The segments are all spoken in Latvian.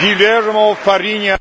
Guillermo Farinha.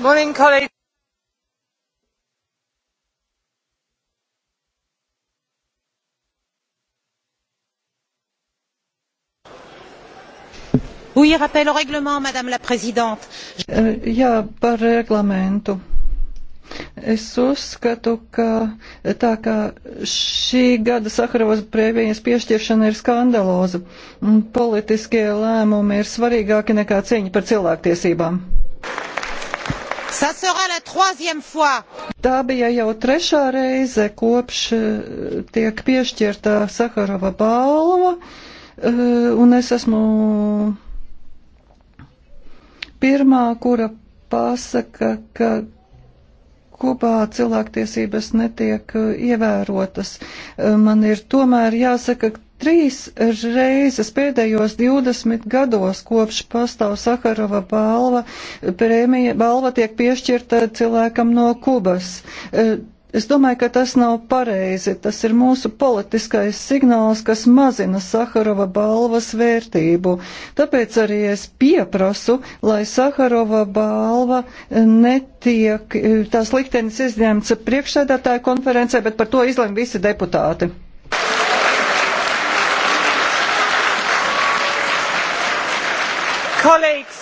Morning, colleagues. Oui, rappel au règlement, Madame la Présidente. Eh, jā, par reglamentu. Es uzskatu, ka tā kā šī gada Sakarovas prēmijas piešķiršana ir skandaloza, politiskie lēmumi ir svarīgāki nekā cīņa par cilvēktiesībām. Tā bija jau trešā reize, kopš eh, tiek piešķirta Sakarava balva, eh, un es esmu pirmā, kura pasaka, ka Kubā cilvēktiesības netiek eh, ievērotas. Man ir tomēr jāsaka, Trīs reizes pēdējos 20 gados kopš pastāv Sakarova balva, prēmija, balva tiek piešķirta cilvēkam no Kubas. E, es domāju, ka tas nav pareizi. Tas ir mūsu politiskais signāls, kas mazina Saharova balvas vērtību. Tāpēc arī es pieprasu, lai Saharova balva netiek, e, tās liktenis izņemts priekšsēdētāju konferencē, bet par to izlem visi deputāti. Colleagues.